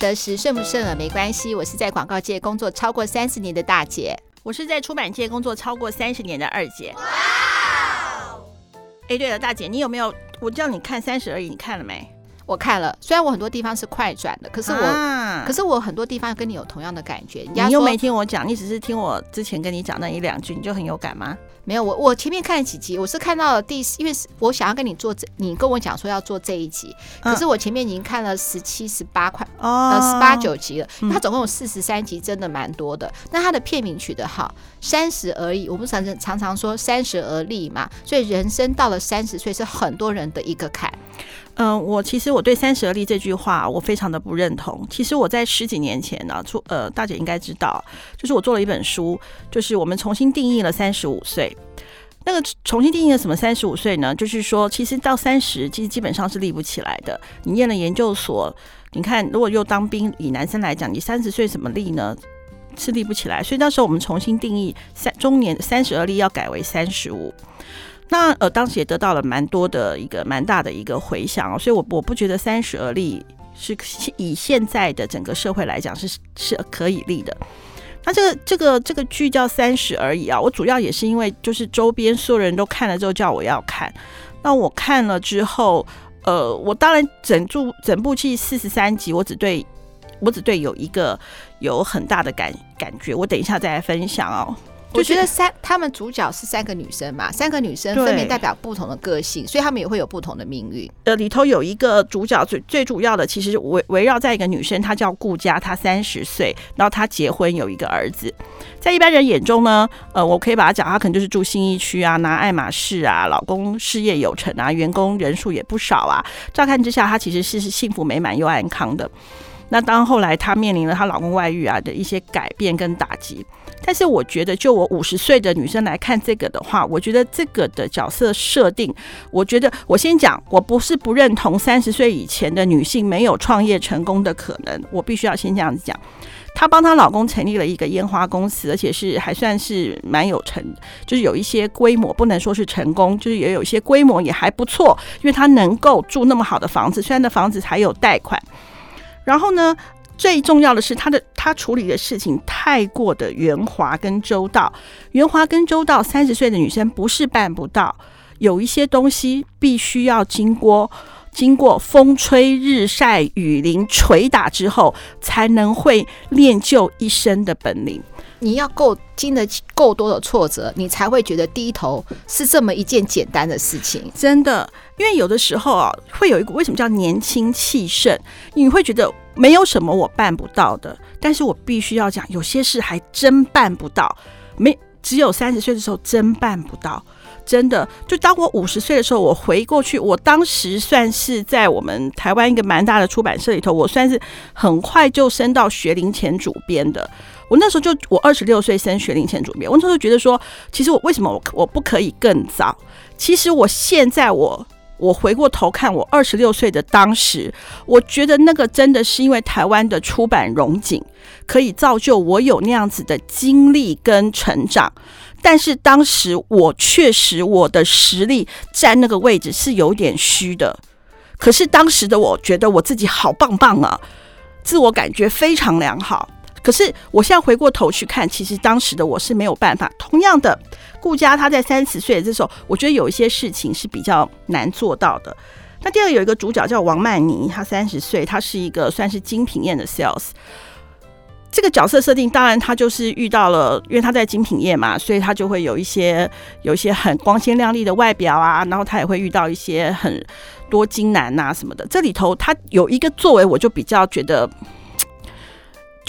得失剩不剩了沒關係，我是在廣告界工作超過三十年的大姐，我是在出版界工作超過三十年的二姐。哇！哎，對了，大姐，你有沒有我叫你看《三十而已》，你看了沒？我看了，雖然我很多地方是快轉的，可是我，ah. 可是我很多地方跟你有同樣的感覺。你，你又沒聽我講，你只是聽我之前跟你講那一兩句，你就很有感嗎？沒有，我我前面看了幾集，我是看到了第四，因為我想要跟你做這，你跟我講說要做這一集，可是我前面已經看了十七、啊、十八塊，呃，十八九集了，嗯、它總共有四十三集，真的蠻多的。那它的片名取得好，三十而已，我們常常常常說三十而立嘛，所以人生到了三十歲是很多人的一個坎。嗯，我其實我對“三十而立”這句話，我非常的不認同。其實我在十幾年前呢，啊，出呃，大姐應該知道，就是我做了一本書，就是我們重新定義了三十五歲。那個重新定義了什麼三十五歲呢？就是說，其實到三十，其實基本上是立不起來的。你念了研究所，你看如果又當兵，以男生來講，你三十歲怎麼立呢？是立不起來。所以那時候我們重新定義三中年三十而立要改為三十五。那呃，當時也得到了蠻多的一個蠻大的一個回響哦，所以我，我我不覺得三十而立是以現在的整個社會來講是是可以立的。那這個這個這個劇叫《三十而已》啊，我主要也是因為就是周邊所有人都看了之後叫我要看，那我看了之後，呃，我當然整部整部劇四十三集，我只對我只對有一個有很大的感感覺，我等一下再來分享哦。就覺得，我覺得三，他們主角是三個女生嘛，三個女生分別代表不同的個性，對所以他們也會有不同的命運。呃，裡頭有一個主角最最主要的，其實圍圍繞在一個女生，她叫顧佳，她三十歲，然後她結婚有一個兒子。在一般人眼中呢，呃，我可以把它講，她可能就是住新一區啊，拿愛馬仕啊，老公事業有成啊，員工人數也不少啊，照看之下，她其實是幸福美滿又安康的。那當後來她面臨了她老公外遇啊的一些改變跟打擊，但是我覺得，就我五十歲的女生來看這個的話，我覺得這個的角色設定，我覺得我先講，我不是不認同三十歲以前的女性沒有創業成功的可能，我必須要先這樣子講。她幫她老公成立了一個煙花公司，而且是還算是蠻有成，就是有一些規模，不能說是成功，就是也有一些規模也還不錯，因為她能夠住那麼好的房子，雖然那房子還有貸款。然後呢，最重要的是，他的他處理的事情太過的圓滑跟周到，圓滑跟周到。三十歲的女生不是辦不到，有一些東西必須要經過經過風吹日曬、雨淋捶打之後，才能會練就一身的本領。你要夠經得起夠多的挫折，你才會覺得低頭是這麼一件簡單的事情。真的，因為有的時候啊，會有一股為什麼叫年輕氣盛，你會覺得沒有什麼我辦不到的。但是我必須要講，有些事還真辦不到。沒，只有三十歲的時候真辦不到，真的。就當我五十歲的時候，我回過去，我當時算是在我們台灣一個蠻大的出版社裡頭，我算是很快就升到學齡前主編的。我那時候就我二十六歲升學齡前主編，我那時候就覺得說，其實我為什麼我我不可以更早？其實我現在我我回過頭看我二十六歲的當時，我覺得那個真的是因為台灣的出版榮景可以造就我有那樣子的經歷跟成長，但是當時我確實我的實力在那個位置是有點虛的，可是當時的我覺得我自己好棒棒啊，自我感覺非常良好。可是我現在回過頭去看，其實當時的我是沒有辦法。同樣的，顧佳他在三十歲的時候，我覺得有一些事情是比較難做到的。那第二個有一個主角叫王曼妮，她三十歲，她是一個算是精品店的 sales。這個角色設定當然她就是遇到了，因為她在精品店嘛，所以她就會有一些有一些很光鮮亮麗的外表啊，然後她也會遇到一些很多金男啊什麼的。這裡頭她有一個作為，我就比較覺得。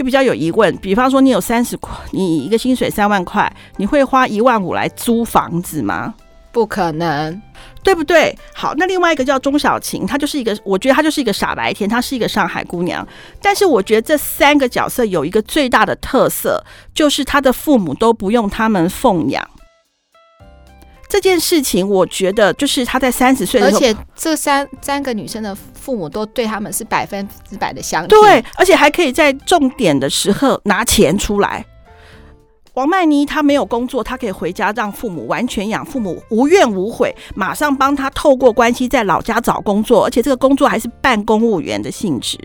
就比較有疑問，比方說你有三十塊，你一個薪水三萬塊，你會花一萬五來租房子嗎？不可能，對不對？好，那另外一個叫鐘曉芹，她就是一個，我覺得她就是一個傻白甜，她是一個上海姑娘。但是我覺得這三個角色有一個最大的特色，就是她的父母都不用他們奉養。這件事情，我覺得就是他在三十歲的時候，而且這三三個女生的父母都對他們是百分之百的相信，對，而且還可以在重點的時候拿錢出來。王曼妮她沒有工作，她可以回家讓父母完全養父母，無怨無悔，馬上幫她透過關係在老家找工作，而且這個工作還是半公務員的性質。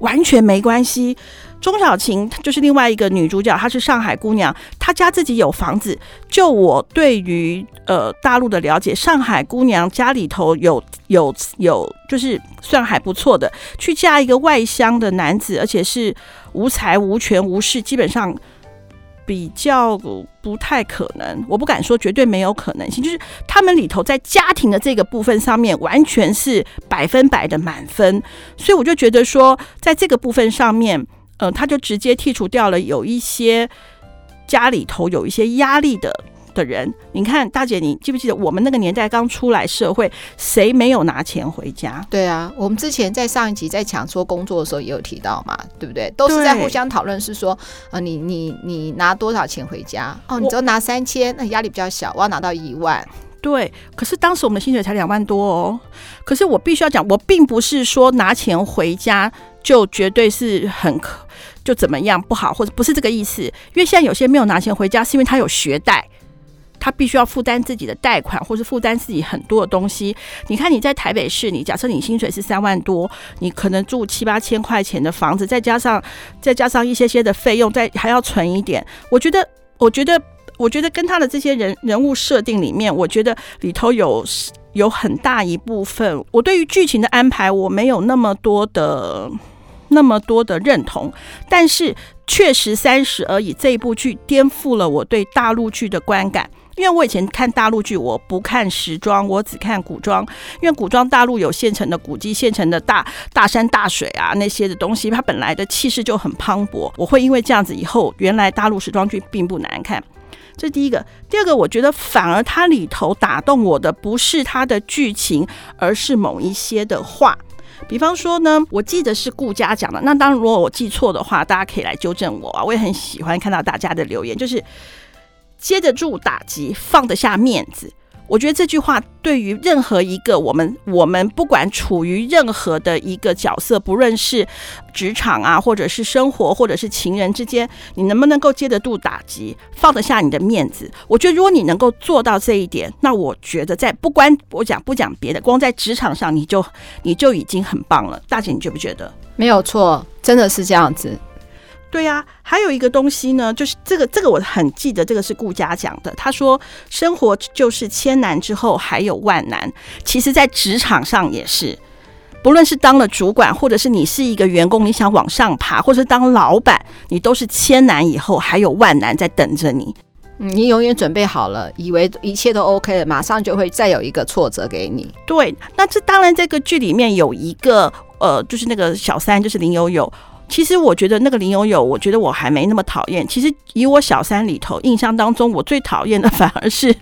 完全沒關係。鍾曉芹就是另外一個女主角，她是上海姑娘，她家自己有房子。就我對於呃大陸的了解，上海姑娘家裡頭有有有，就是算還不錯的，去嫁一個外鄉的男子，而且是無財無權無勢，基本上。比較不太可能，我不敢說絕對沒有可能性。就是他們裡頭在家庭的這個部分上面，完全是百分百的滿分，所以我就覺得說，在這個部分上面，呃，他就直接剔除掉了有一些家裡頭有一些壓力的。的人，你看大姐，你記不記得我們那個年代剛出來社會，誰沒有拿錢回家？對啊，我們之前在上一集在講說工作的時候也有提到嘛，對不對？都是在互相討論，是說啊對、呃，你你你拿多少錢回家？哦，你只拿三千，我 那壓力比較小，我要拿到一萬。對，可是當時我們的薪水才兩萬多哦。可是我必須要講，我並不是說拿錢回家就絕對是很可就怎麼樣不好，或者不是這個意思。因為現在有些沒有拿錢回家，是因為他有學貸。他必須要負擔自己的貸款，或是負擔自己很多的東西。你看你在台北市，你假設你薪水是三萬多，你可能住七八千塊錢的房子，再加上再加上一些些的費用，再還要存一點。我覺得，我覺得，我覺得跟他的這些人人物設定裡面，我覺得裡頭有有很大一部分。我對於劇情的安排，我沒有那麼多的那麼多的認同，但是確實三十而已這一部劇顛覆了我對大陸劇的觀感。因為我以前看大陸劇，我不看時裝，我只看古裝。因為古裝大陸有現成的古蹟、現成的大大山大水啊，那些的東西，它本來的氣勢就很磅礴。我會因為這樣子以後，原來大陸時裝劇並不難看。這第一個，第二個，我覺得反而它裡頭打動我的不是它的劇情，而是某一些的話。比方說呢，我記得是顧家講的。那當然，如果我記錯的話，大家可以來糾正我啊。我也很喜歡看到大家的留言，就是。接得住打擊，放得下面子。我覺得這句話對於任何一個我們，我們不管處於任何的一個角色，不論是職場啊，或者是生活，或者是情人之間，你能不能夠接得住打擊，放得下你的面子？我覺得，如果你能夠做到這一點，那我覺得在不管我講不講別的，光在職場上你就你就已經很棒了。大姐，你覺不覺得？沒有錯，真的是這樣子。對呀、啊，還有一個東西呢，就是這個這個我很記得，這個是顧佳講的。他說：“生活就是千難之後還有萬難，其實，在職場上也是，不論是當了主管，或者是你是一個員工，你想往上爬，或者當老板，你都是千難以後還有萬難在等着你、嗯。你永遠準備好了，以為一切都 OK 了，馬上就會再有一個挫折給你。對，那這當然，這個劇裡面有一個呃，就是那個小三，就是林有有。”其實我覺得那個林有有，我覺得我還沒那麼討厭。其實以我小三裡頭印象當中，我最討厭的反而是，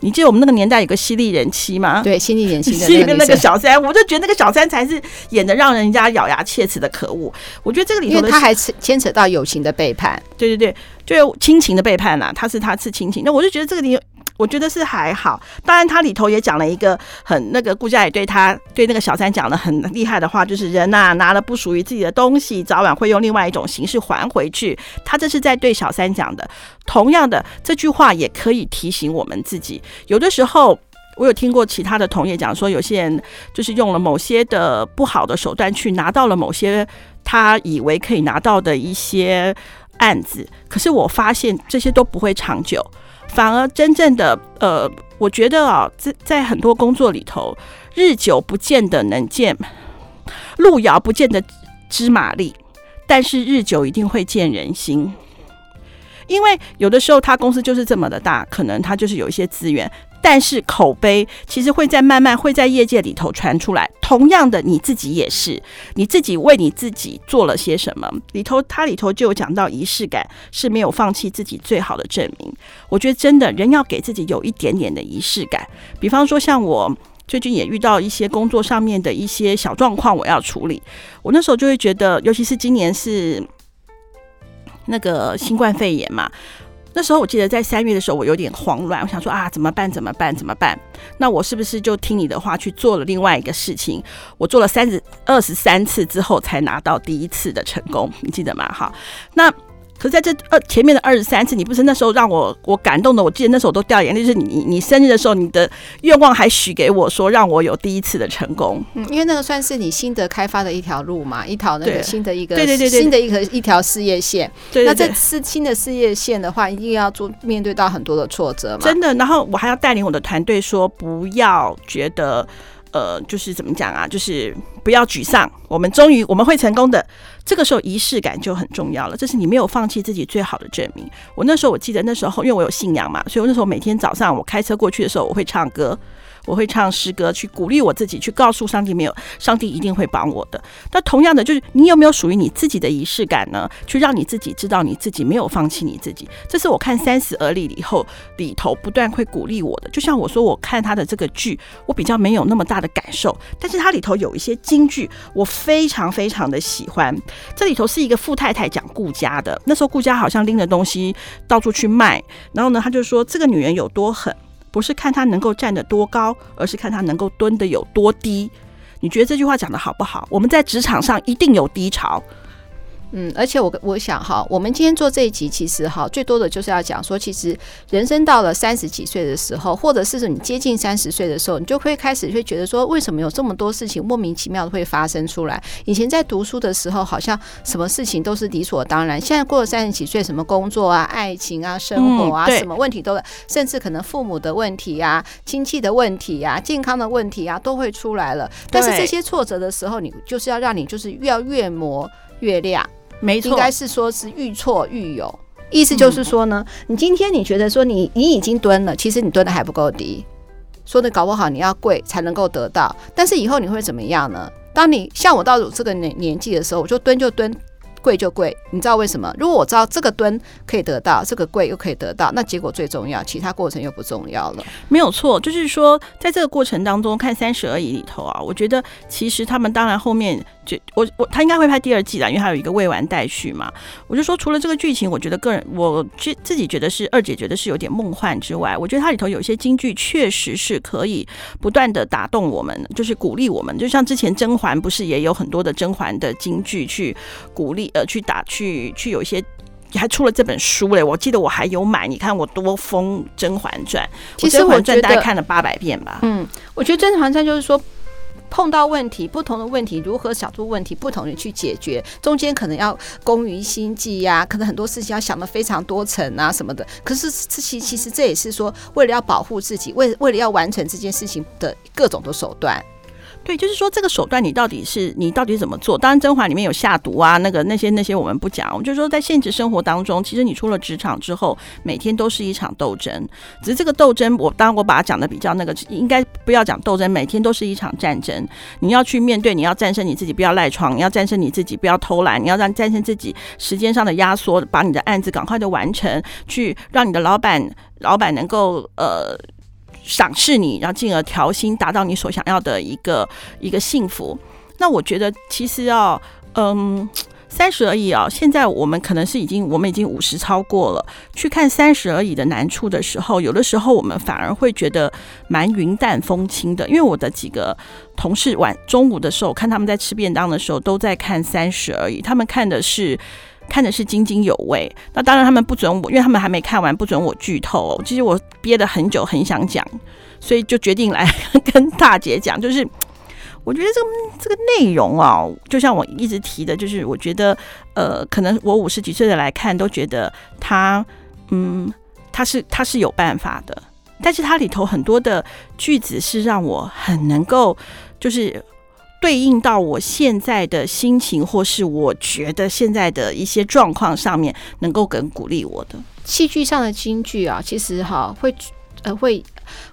你記得我們那個年代有個犀利人妻嗎？對，犀利人妻的那個那個小三，我就覺得那個小三才是演的讓人家咬牙切齒的可惡。我覺得這個裡頭他因為他還牽扯到友情的背叛，對對對，就親情的背叛嘛。他是他是親情，那我就覺得這個裡。我覺得是還好，當然他裡頭也講了一個很那個顧佳也對他對那個小三講了很厲害的話，就是人吶，啊，拿了不屬於自己的東西，早晚會用另外一種形式還回去。他這是在對小三講的，同樣的這句話也可以提醒我們自己。有的時候我有聽過其他的同業講說，有些人就是用了某些的不好的手段去拿到了某些他以為可以拿到的一些。案子，可是我發現這些都不會長久，反而真正的呃，我覺得啊、哦，在很多工作裡頭，日久不見得能見路遙，不見得知馬力，但是日久一定會見人心，因為有的時候他公司就是這麼的大，可能他就是有一些資源。但是口碑其實會在慢慢會在業界裡頭傳出來。同樣的，你自己也是，你自己為你自己做了些什麼？裡頭，它裡頭就有講到儀式感是沒有放棄自己最好的證明。我覺得真的，人要給自己有一點點的儀式感。比方說，像我最近也遇到一些工作上面的一些小狀況，我要處理。我那時候就會覺得，尤其是今年是那個新冠肺炎嘛。那時候我記得在三月的時候，我有點慌亂，我想說啊，怎麼辦？怎麼辦？怎麼辦？那我是不是就聽你的話去做了另外一個事情？我做了三十二十三次之後才拿到第一次的成功，你記得嗎？好，那。可是在這二前面的二十三次，你不是那時候讓我我感動的，我記得那時候我都掉眼淚。就是你你生日的時候，你的願望還許給我說，讓我有第一次的成功。嗯，因為那個算是你新的開發的一條路嘛，一條那個新的一個對，對對對對，新的一個一條事業線。對對對對，那這次新的事業線的話，一定要做面對到很多的挫折嘛。真的，然後我還要帶領我的團隊說，不要覺得。呃，就是怎麼講啊？就是不要沮喪，我們終於我們會成功的。這個時候儀式感就很重要了，這是你沒有放棄自己最好的證明。我那時候我記得那時候，因為我有信仰嘛，所以我那時候每天早上我開車過去的時候，我會唱歌。我會唱詩歌去鼓勵我自己，去告訴上帝沒有上帝一定會幫我的。那同樣的，就是你有沒有屬於你自己的儀式感呢？去讓你自己知道你自己沒有放棄你自己。這是我看《三十而立》以後裡頭不斷會鼓勵我的。就像我說，我看他的這個劇，我比較沒有那麼大的感受，但是它裡頭有一些金句，我非常非常的喜歡。這裡頭是一個富太太講顧佳的，那時候顧佳好像拎着東西到處去賣，然後呢，他就說這個女人有多狠。不是看他能夠站得多高，而是看他能夠蹲得有多低。你覺得這句話講得好不好？我們在職場上一定有低潮。嗯，而且我我想哈，我們今天做這一集，其實哈，最多的就是要講說，其實人生到了三十幾歲的時候，或者是說你接近三十歲的時候，你就會開始會覺得說，為什麼有這麼多事情莫名其妙的會發生出來？以前在讀書的時候，好像什麼事情都是理所當然。現在過了三十幾歲，什麼工作啊、愛情啊、生活啊，嗯、什麼問題都，甚至可能父母的問題啊、親戚的問題啊、健康的問題啊，都會出來了。但是這些挫折的時候，你就是要讓你就是越要越磨越亮。沒錯，應該是說是愈挫愈勇，意思就是說呢，嗯、你今天你覺得說你你已經蹲了，其實你蹲的還不夠低，說的搞不好你要跪才能夠得到，但是以後你會怎麼樣呢？當你像我到這個年年紀的時候，我就蹲就蹲，跪就跪，你知道為什麼？如果我知道這個蹲可以得到，這個跪又可以得到，那結果最重要，其他過程又不重要了。沒有錯，就是說在這個過程當中看三十而已裡頭啊，我覺得其實他們當然後面。就我我他應該會拍第二季了，因為他有一個未完待續嘛。我就說除了這個劇情，我覺得個人我自自己覺得是二姐覺得是有點夢幻之外，我覺得它裡頭有一些金句確實是可以不斷的打動我們，就是鼓勵我們。就像之前甄嬛不是也有很多的甄嬛的金句去鼓勵呃、去打去去有一些還出了這本書嘞，我記得我還有買，你看我多瘋甄嬛傳，我甄嬛傳大概看了八百遍吧。嗯，我覺得甄嬛傳就是說。碰到問題，不同的問題如何想出問題，不同的去解決，中間可能要工於心計呀、啊，可能很多事情要想得非常多層啊什麼的。可是這其實這也是說，為了要保護自己，為為了要完成這件事情的各種的手段。對，就是說這個手段，你到底是你到底怎麼做？當然，《甄嬛》裡面有下毒啊，那個那些那些我們不講。我們就是說，在現實生活當中，其實你出了職場之後，每天都是一場鬥爭。只是這個鬥爭，我當然我把它講的比較那個，應該不要講鬥爭，每天都是一場戰爭。你要去面對，你要戰勝你自己，不要賴床；你要戰勝你自己，不要偷懶；你要讓戰勝自己，時間上的壓縮，把你的案子趕快的完成，去讓你的老板，老板能夠呃。賞識你，然後進而調薪，達到你所想要的一個一個幸福。那我覺得其實要，嗯，三十而已啊、哦。現在我們可能是已經，我們已經五十超過了。去看三十而已的難處的時候，有的時候我們反而會覺得蠻雲淡風輕的。因為我的幾個同事晚中午的時候看他們在吃便當的時候，都在看三十而已，他們看的是。看的是津津有味，那當然他們不准我，因為他們還沒看完，不准我劇透喔。其實我憋得很久，很想講，所以就決定來 跟大姐講。就是我覺得這個這個內容啊，就像我一直提的，就是我覺得呃，可能我五十幾歲的來看，都覺得他嗯，他是他是有辦法的，但是它裡頭很多的句子是讓我很能夠就是。對應到我現在的心情，或是我覺得現在的一些狀況上面，能夠更鼓勵我的戲劇上的京劇啊，其實哈會呃會。呃會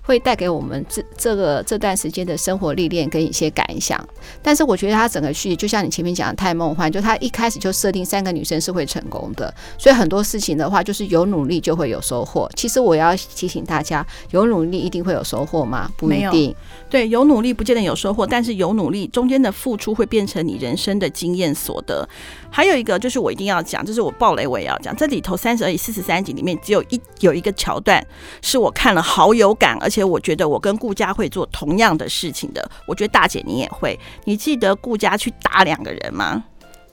會帶給我們這這個這段時間的生活歷練跟一些感想，但是我覺得它整個劇就像你前面講的太夢幻，就它一開始就設定三個女生是會成功的，所以很多事情的話就是有努力就會有收穫。其實我要提醒大家，有努力一定會有收穫嗎？不一定。對，有努力不見得有收穫，但是有努力中間的付出會變成你人生的經驗所得。還有一個就是我一定要講，就是我爆雷我也要講，這裡頭三十而已、四十三集裡面只有一有一個橋段是我看了好有感。而且我覺得我跟顧佳會做同樣的事情的。我覺得大姐你也會。你記得顧佳去打兩個人嗎？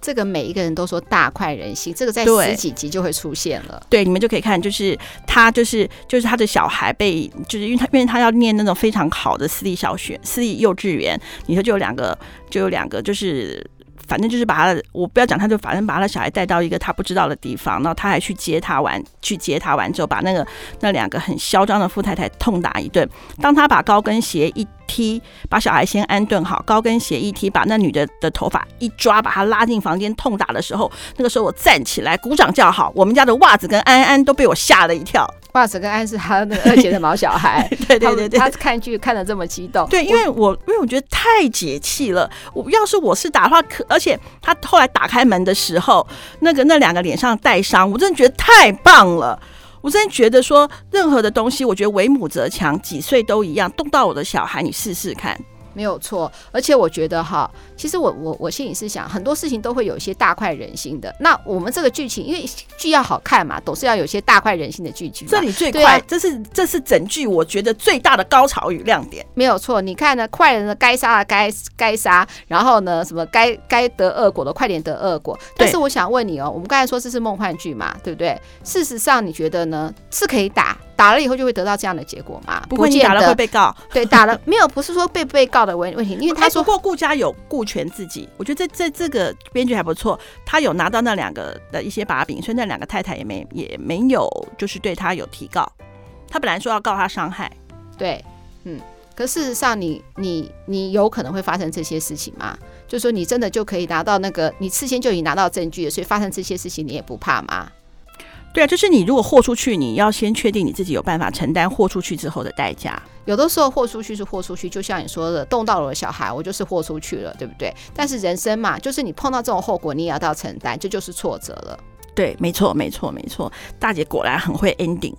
這個每一個人都說大快人心，這個在十幾集就會出現了。對，你們就可以看，就是他，就是就是他的小孩被，就是因為他，因為他要念那種非常好的私立小學、私立幼稚園。你說就有兩個，就有兩個，就是。反正就是把他，我不要講，他就反正把他的小孩帶到一個他不知道的地方，然後他還去接他玩，去接他玩之後，把那個那兩個很囂張的富太太痛打一頓。當他把高跟鞋一踢，把小孩先安頓好，高跟鞋一踢，把那女的的頭髮一抓，把他拉進房間痛打的時候，那個時候我站起來，鼓掌叫好，我們家的襪子跟安安都被我嚇了一跳。暗子跟安是他那個二姐的毛小孩， 對對對對，他，他看劇看得這麼激動，對，因為我，我因為我覺得太解氣了。我要是我是打的話，可而且他後來打開門的時候，那個那兩個臉上帶傷，我真的覺得太棒了。我真的覺得說任何的東西，我覺得為母則強，幾歲都一樣，動到我的小孩，你試試看。沒有錯，而且我覺得哈，其實我我我心裡是想很多事情都會有一些大快人心的。那我們這個劇情，因為劇要好看嘛，總是要有些大快人心的劇情。這裡最快，啊、這是這是整劇我覺得最大的高潮與亮點。沒有錯，你看呢，壞人呢該殺的該該殺，然後呢什麼該該得惡果的快點得惡果。但是我想問你哦，對我們剛才說這是夢幻劇嘛，對不對？事實上你覺得呢是可以打？打了以後就會得到這樣的結果嗎？不會，你打了會被告。 對，打了沒有？不是說被不被告的問問題，因為他說他過顧家有顧全自己。我覺得這這這個編劇還不錯，他有拿到那兩個的一些把柄，所以那兩個太太也沒也沒有，就是對他有提告。他本來說要告他傷害，對，嗯。可事實上你，你你你有可能會發生這些事情嗎？就是說你真的就可以拿到那個，你事先就已經拿到證據了，所以發生這些事情你也不怕嗎？對啊，就是你如果豁出去，你要先確定你自己有辦法承擔豁出去之後的代價。有的時候豁出去是豁出去，就像你說的，動到了我的小孩，我就是豁出去了，對不對？但是人生嘛，就是你碰到這種後果，你也要到承擔，這就是挫折了。對，沒錯，沒錯，沒錯。大姐果然很會 ending。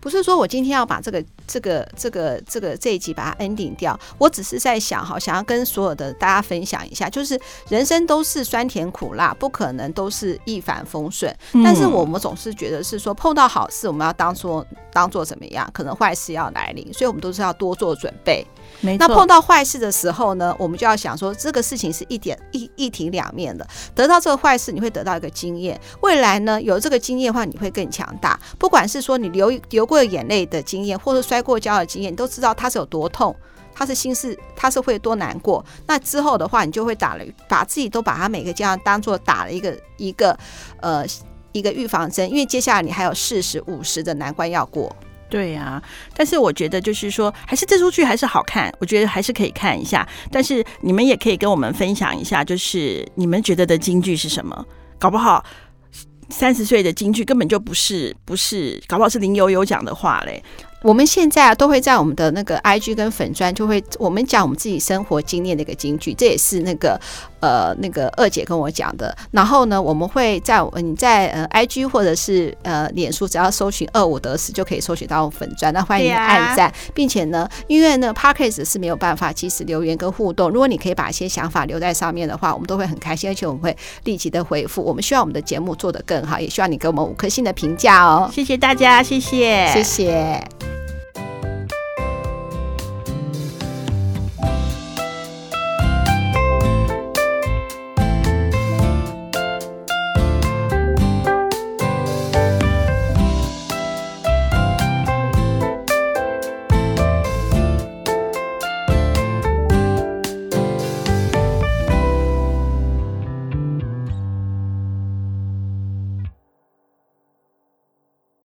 不是說我今天要把這個。這個這個這個這一集把它 ending 掉。我只是在想好想要跟所有的大家分享一下，就是人生都是酸甜苦辣，不可能都是一帆風順。但是我們總是覺得是說，碰到好事我們要當做當做怎麼樣？可能壞事要來臨，所以我們都是要多做準備。沒錯。那碰到壞事的時候呢，我們就要想說，這個事情是一點一一體兩面的。得到這個壞事，你會得到一個經驗。未來呢，有這個經驗的話，你會更強大。不管是說你流流過眼淚的經驗，或者酸。開過膠的經驗，你都知道他是有多痛，他是心事，他是會多難過。那之後的話，你就會打了，把自己都把他每個階段當做打了一個一個呃一個預防針，因為接下來你還有四十五十的難關要過。對呀、啊，但是我覺得就是說，還是這出劇還是好看，我覺得還是可以看一下。但是你們也可以跟我們分享一下，就是你們覺得的金句是什麼？搞不好三十歲的金句根本就不是不是，搞不好是林悠悠講的話嘞。我們現在啊，都會在我們的那個 IG 跟粉專，就會我們講我們自己生活經驗的一個金句，這也是那個呃那個二姐跟我講的。然後呢，我們會在你在呃 IG 或者是呃臉書，只要搜尋二五得四，就可以搜尋到粉專。那歡迎按贊，呀並且呢，因為呢 Podcast 是沒有辦法及時留言跟互動，如果你可以把一些想法留在上面的話，我們都會很開心，而且我們會立即的回復。我們希望我們的節目做得更好，也希望你給我們五顆星的評價哦。謝謝大家，謝謝，謝謝。